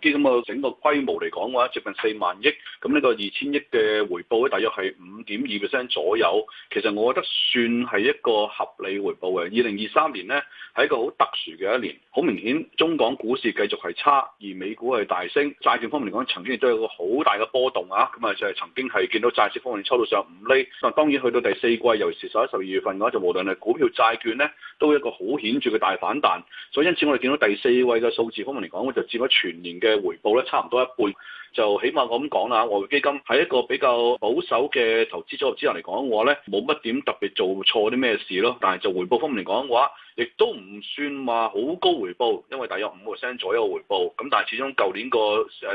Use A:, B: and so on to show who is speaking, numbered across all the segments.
A: 基金嘅整個規模嚟講嘅話，接近四萬億。咁呢個二千億嘅回報咧，大約係五點二 percent 左右。其實我覺得算係一個合理回報嘅。二零二三年呢，係一個好特殊嘅一年。好明顯，中港股市繼續係差，而美股係大升。債券方面嚟講，曾經亦都有個好大嘅波動啊。咁啊，就係曾經係見到債市方面抽到上五厘。當當然去到第四季，尤其是十一、十二月份嘅話，就無論係股票、債券呢，都一個好顯著嘅大反彈。所以因此，我哋見到第四位嘅數字方面嚟講，就佔咗全年嘅。嘅回報咧，差唔多一半。就起碼我咁講啦，外匯基金喺一個比較保守嘅投資組合之下嚟講嘅話咧，冇乜點特別做錯啲咩事咯。但係就回報方面嚟講嘅話，亦都唔算話好高回報，因為大約五個 percent 左右嘅回報。咁但係始終舊年個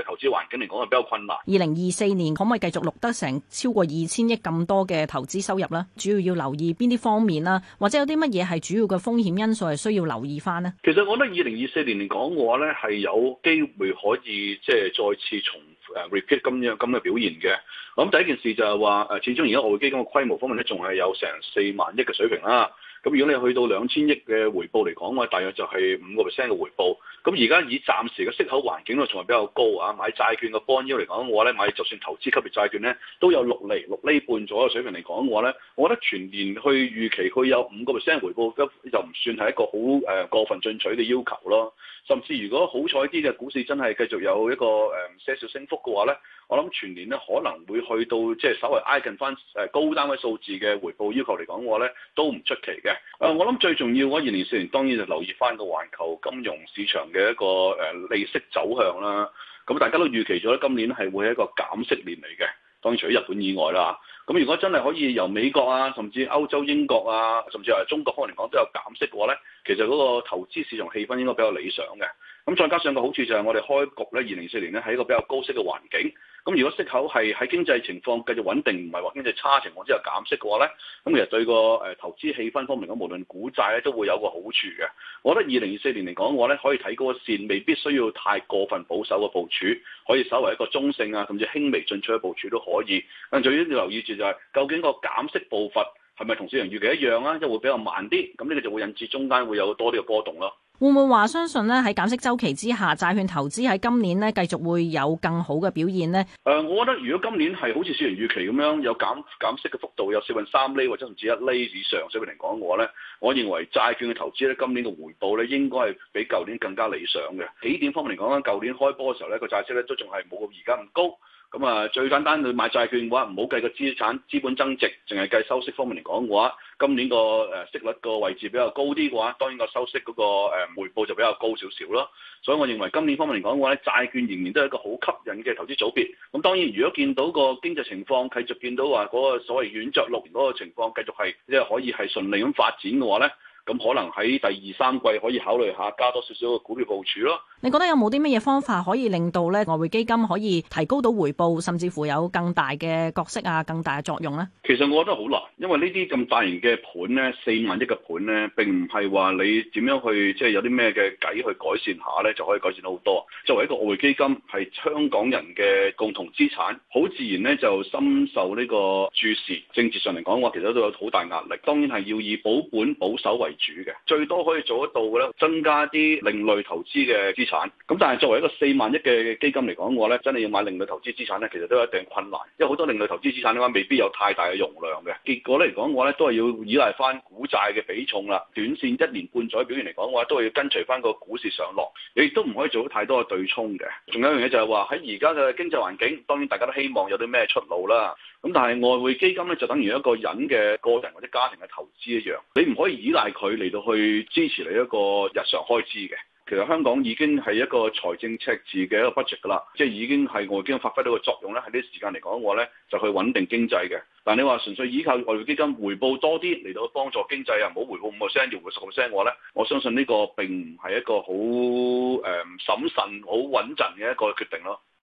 A: 投資環境嚟講係比較困難。
B: 二零二四年可唔可以繼續錄得成超過二千億咁多嘅投資收入呢？主要要留意邊啲方面啦，啊，或者有啲乜嘢係主要嘅風險因素係需要留意翻呢？
A: 其實我覺得二零二四年嚟講嘅話咧，係有機會可以即係再次重誒、呃、repeat 咁樣咁嘅表現嘅，咁、嗯、第一件事就係話，誒、呃，始終而家外匯基金嘅規模方面咧，仲係有成四萬億嘅水平啦。咁如果你去到兩千億嘅回報嚟講嘅話，大約就係五個 percent 嘅回報。咁而家以暫時嘅息口環境咧，仲係比較高啊。買債券嘅 bond yield 嚟講嘅話咧，買就算投資級別債券咧，都有六厘、六厘半左右水平嚟講嘅話咧，我覺得全年去預期佢有五個 percent 回報，又唔算係一個好誒過分進取嘅要求咯。甚至如果好彩啲嘅股市真係繼續有一個誒些、嗯、少少升幅嘅話咧。我諗全年咧可能會去到即係稍微挨近翻誒高單位數字嘅回報要求嚟講嘅話，我咧都唔出奇嘅。我諗最重要，我二零二四年當然就留意翻個環球金融市場嘅一個誒利息走向啦。咁大家都預期咗今年係會係一個減息年嚟嘅。當然除咗日本以外啦。咁如果真係可以由美國啊，甚至歐洲、英國啊，甚至係中國可能嚟講都有減息嘅話咧，其實嗰個投資市場氣氛應該比較理想嘅。咁再加上個好處就係我哋開局咧，二零二四年咧係一個比較高息嘅環境。咁如果息口係喺經濟情況繼續穩定，唔係話經濟差情況之下減息嘅話咧，咁其實對個投資氣氛方面嘅無論股債咧都會有個好處嘅。我覺得二零二四年嚟講，嘅話咧可以睇高線，未必需要太過分保守嘅部署，可以稍為一個中性啊，甚至輕微進取嘅部署都可以。但最主要留意住就係，究竟個減息步伐係咪同市場預期一樣啊？即係會比較慢啲，咁呢個就會引致中間會有多啲嘅波動咯。
B: 會唔會話相信咧喺減息週期之下，債券投資喺今年咧繼續會有更好嘅表現呢？誒、
A: 呃，我覺得如果今年係好似市場預期咁樣，有減減息嘅幅度，有四分三厘或者甚至一厘以上，所以嚟講嘅話咧，我認為債券嘅投資咧，今年嘅回報咧，應該係比舊年更加理想嘅。起點方面嚟講咧，舊年開波嘅時候咧，個債息咧都仲係冇咁而家咁高。咁啊，最簡單你買債券嘅話，唔好計個資產資本增值，淨係計收息方面嚟講嘅話，今年個誒息率個位置比較高啲嘅話，當然個收息嗰個誒回報就比較高少少咯。所以，我認為今年方面嚟講嘅話，咧，債券仍然都係一個好吸引嘅投資組別。咁當然，如果見到個經濟情況繼續見到話嗰個所謂軟着陸，嗰個情況繼續係即係可以係順利咁發展嘅話咧。咁可能喺第二三季可以考慮下加多少少嘅股票部署咯。
B: 你覺得有冇啲乜嘢方法可以令到咧外匯基金可以提高到回報，甚至乎有更大嘅角色啊、更大嘅作用咧？
A: 其實我覺得好難，因為呢啲咁大型嘅盤咧，四萬億嘅盤咧，並唔係話你點樣去即係、就是、有啲咩嘅計去改善下咧，就可以改善到好多。作為一個外匯基金，係香港人嘅共同資產，好自然咧就深受呢個注視。政治上嚟講，我話其實都有好大壓力。當然係要以保本保守為。主嘅最多可以做得到嘅咧，增加啲另類投資嘅資產。咁但係作為一個四萬億嘅基金嚟講嘅話，我咧真係要買另類投資資產咧，其實都有一定困難，因為好多另類投資資產嘅話未必有太大嘅容量嘅。結果咧嚟講嘅話咧，都係要依賴翻股債嘅比重啦。短綫一年半載表現嚟講嘅話，都係要跟隨翻個股市上落。你亦都唔可以做太多嘅對沖嘅。仲有一樣嘢就係話喺而家嘅經濟環境，當然大家都希望有啲咩出路啦。咁但係外匯基金咧，就等於一個人嘅個人或者家庭嘅投資一樣，你唔可以依賴佢嚟到去支持你一個日常開支嘅，其實香港已經係一個財政赤字嘅一個 budget 噶啦，即係已經係外資發揮到個作用咧。喺呢時間嚟講嘅話，我咧就去穩定經濟嘅。但你話純粹依靠外匯基金回報多啲嚟到幫助經濟啊，唔好回報五個 percent，要回十個 percent，我咧我相信呢個並唔係一個好誒審慎、好穩陣嘅一個決定咯。